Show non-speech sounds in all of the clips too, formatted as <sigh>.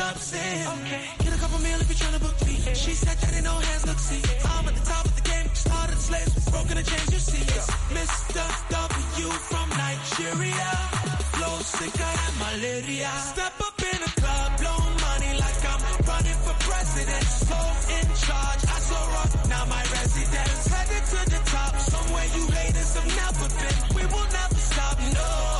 Up, saying, okay. Get a couple meal if you're trying to book me. Yeah. She said that ain't no hands, look, see. Yeah. I'm at the top of the game, started the slaves, broken the chains, you see. Yeah. Mr. W from Nigeria. Flow sicker than malaria. Step up in the club, blow money like I'm running for president. So in charge, I so rock, now my residence. Headed to the top, somewhere you haters have never been. We will never stop, no.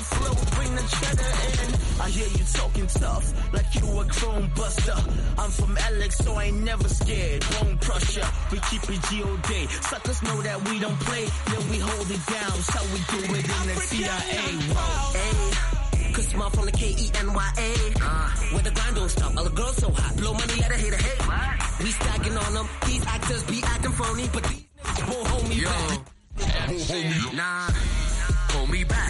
my flow, bring the cheddar in. I hear you talking tough, like you a chrome buster. I'm from Alex, so I ain't never scared. Bone crusher, we keep it G.O.D. Suckers know that we don't play, then we hold it down. So we do it in the CIA. Whoa. Hey. Chris Small from the K-E-N-Y-A. Uh, where the grind don't stop, all the girls so hot. Blow money at a hater, hate. We stacking on them. These actors be acting phony, but these niggas won't hold me Yo, back. Won't hold me. Nah, hold me back.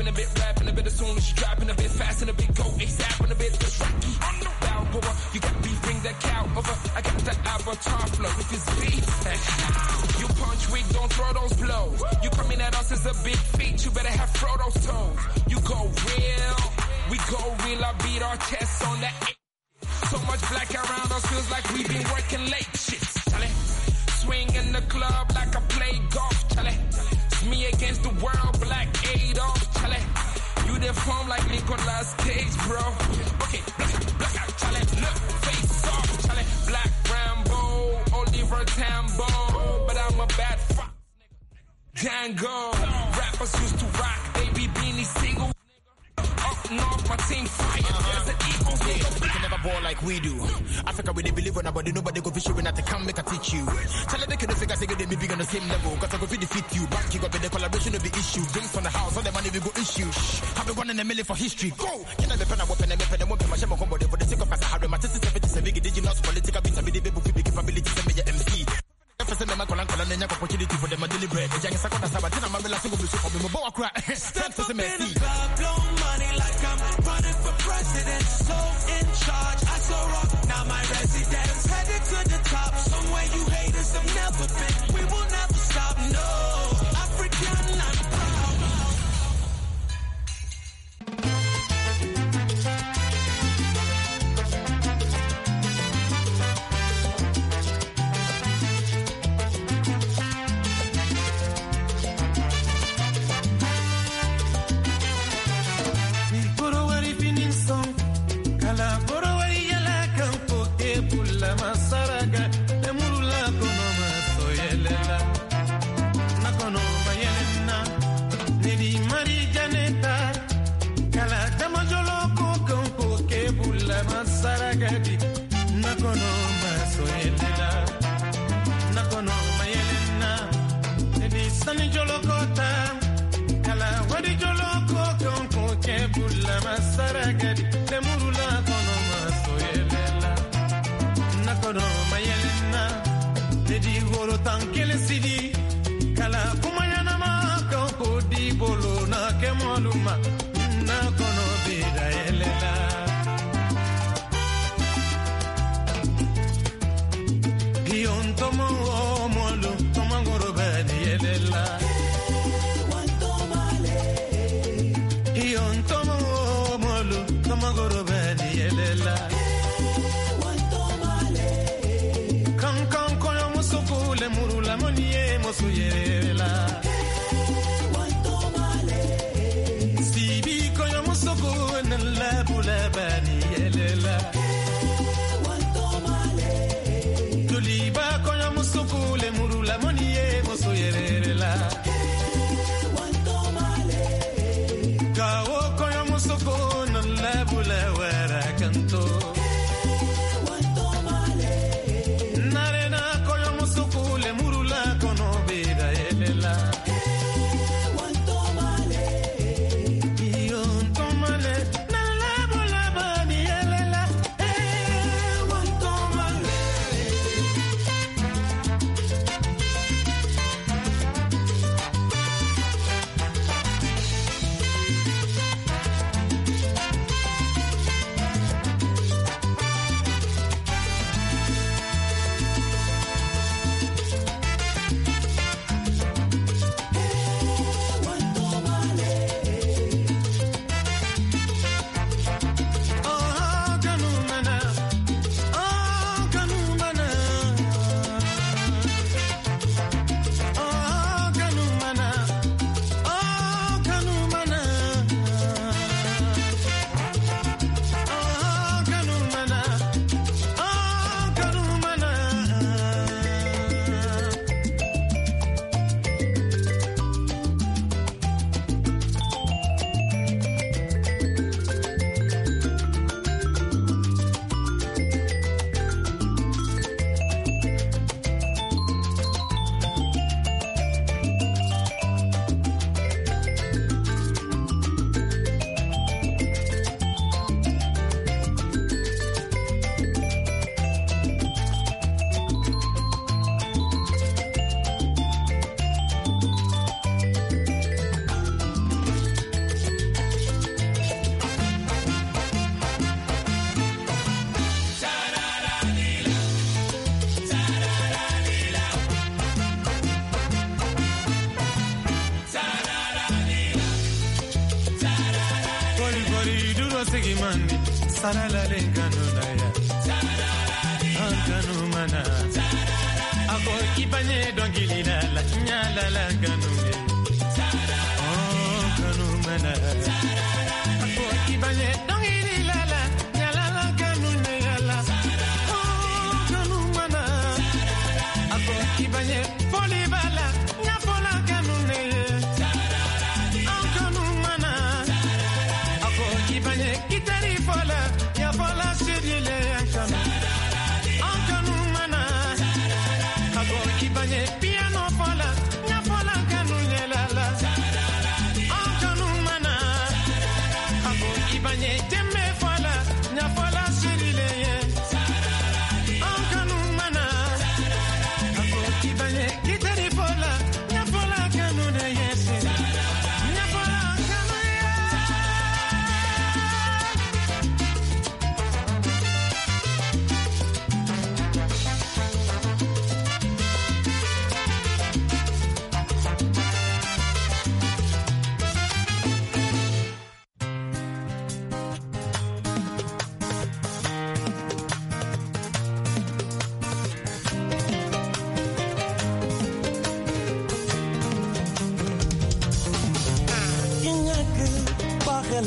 rapping a bit, rapping a bit as soon as you dropping a bit fast and a bit go ASAP and a bit just rocky. I'm no Balboa, you got me bring that cow over. I got that avatar flow with this beat. <laughs> You punch weak, don't throw those blows. You coming at us as a big feat, you better have Frodo's toes. You go real, we go real. I beat our chests on that. So much black around us feels like we've been working late. Django. Rappers used to rock, baby beanie single. Up north, my team fire. There's an eagle yeah, they can never ball like we do. Africa, we they believe on nobody, nobody go fish you when I come make I teach you. Tell them they can not figure say they be big on the same level. Cause I go fit defeat you. Back you up in the collaboration will be issue. Drinks on the house, all the money we go issue. Shh. Have been running in a million for history. Go! Can I be pen and weapon and weapon and weapon? My shame on combo for the sake of my Sahara. My test is a big, did you not political? Be some big, big, big, big, big, big, big, big, Ghana, Kolan, Kolan, and opportunity for them to deliberate. The young Sakota Sabatina, my last single music for me, Boa Cry. <laughs> Step up in the club, blow money like I'm running for president. So in charge.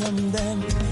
and then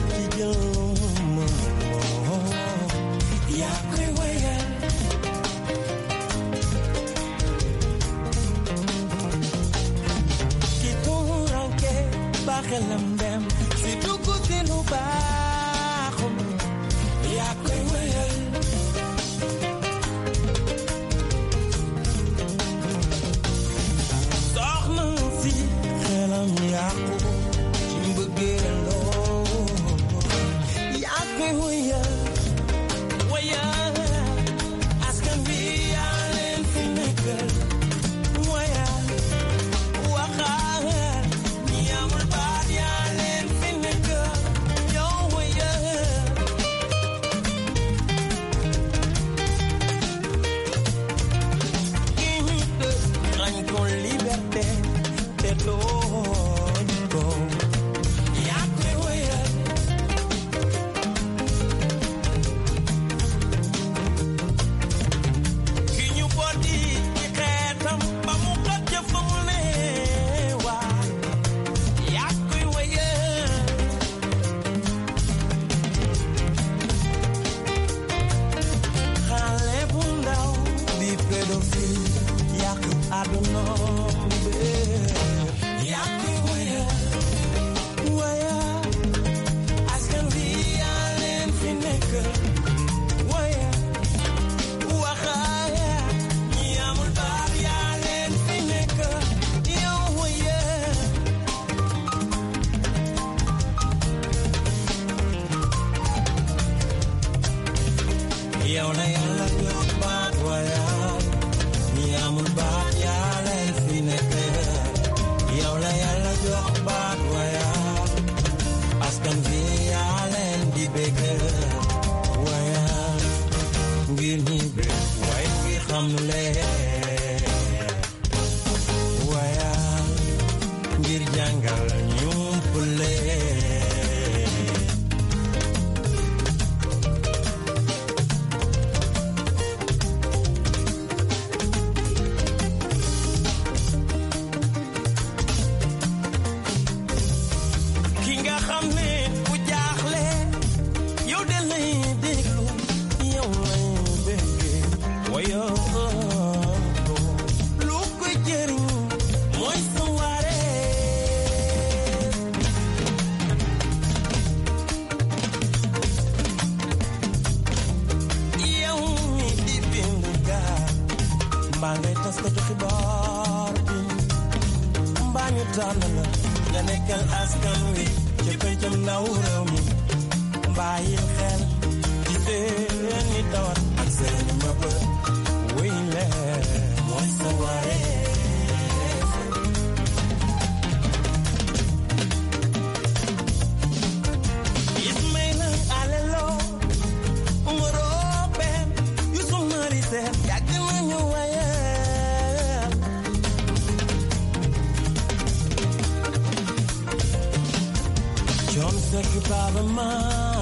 John Sekibaba ma,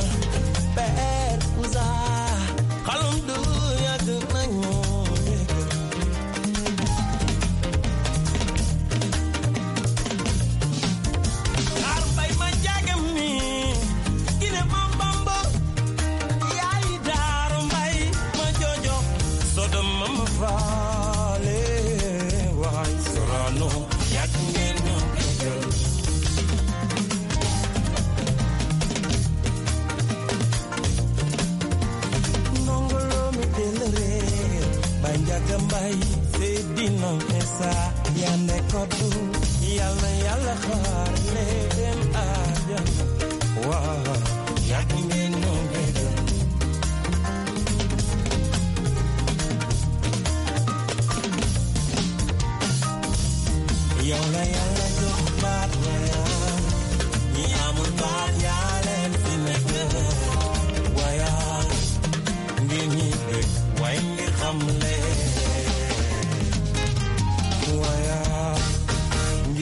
Per Uza, Kalum Duya Dunanyo. bay te dina esa yande kodu yalla yalla xaar le dem ajana wa no ya wa ya ngi ni ngi le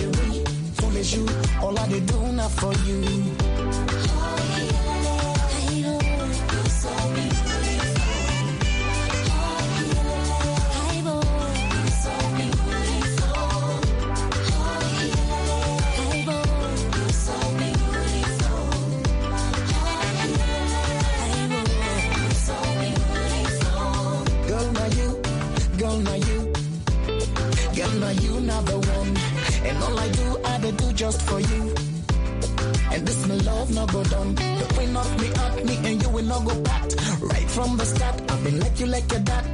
you, foolish you. All I did do not for you. Oh, yeah. just for you. And this my love no go done. The way knock me up, me and you will not go back. Right from the start, I've been like you like a dat.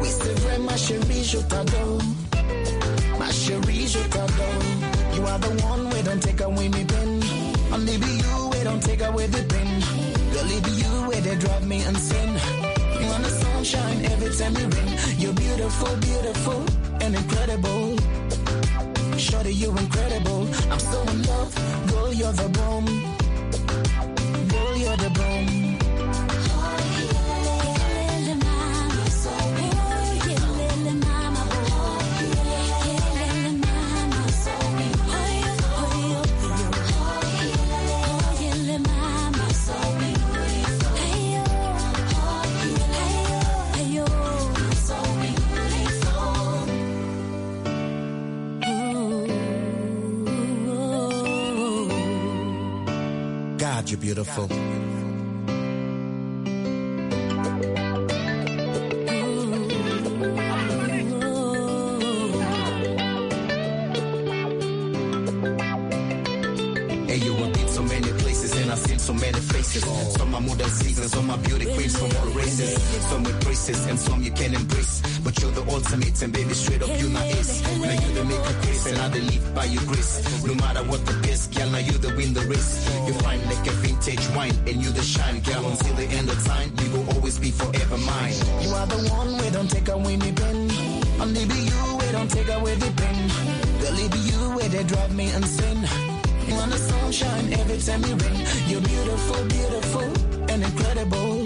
We still very my chérie, je t'adore. My chérie, je t'adore. You are the one we don't take away me pen. Only be you we don't take away the pen. Girl, it be you where they drive me insane. You want the sunshine every time you rain. You're beautiful, beautiful, and incredible. Shorty, you're incredible you're the bomb. you're beautiful. braces and some you can embrace. But you're the ultimate and baby, straight up, you are my ace. Now you the make a kiss, and I believe by your grace. No matter what the best, girl, now you the win the race. You fine like a vintage wine and you the shine, girl. Until the end of time, you will always be forever mine. You are the one, we don't take away me pen. Only be you, we don't take away the pen. Girl, it be you, where they drive me insane. You want the sunshine every time you rain. You're beautiful, beautiful, and incredible.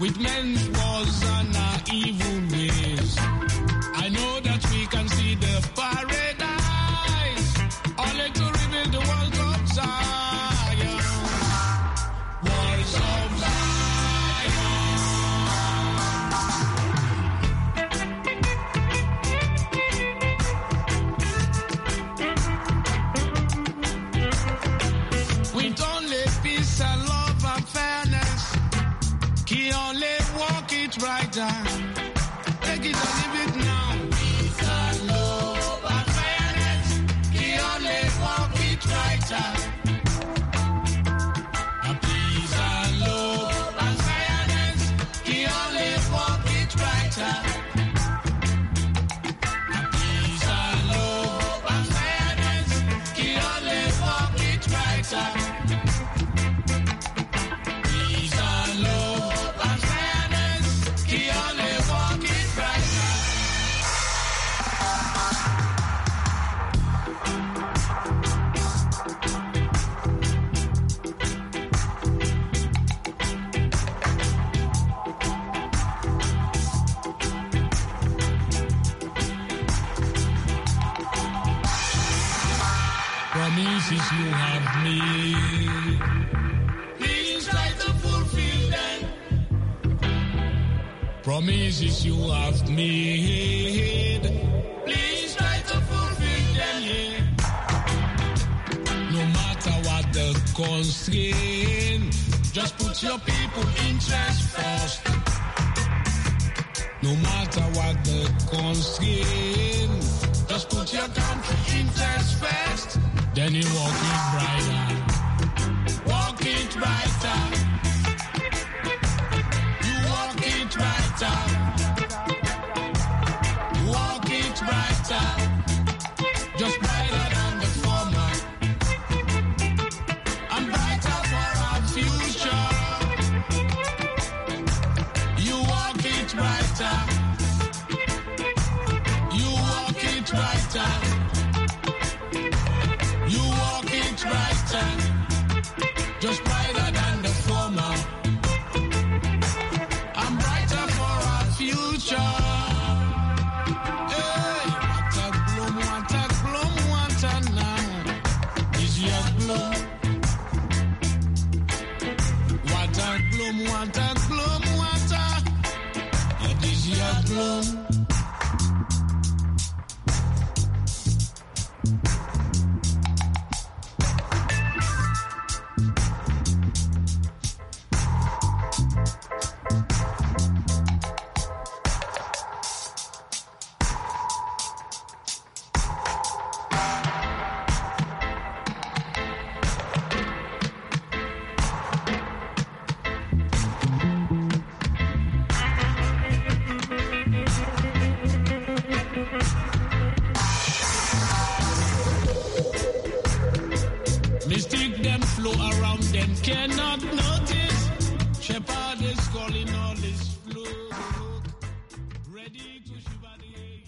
with men brighter. wishes you have made. Please try to fulfill them, No matter what the constraint, just put your people interest first. No matter what the constraint, just put your country interest first. Then you walk it brighter, walk it brighter. You walk it brighter.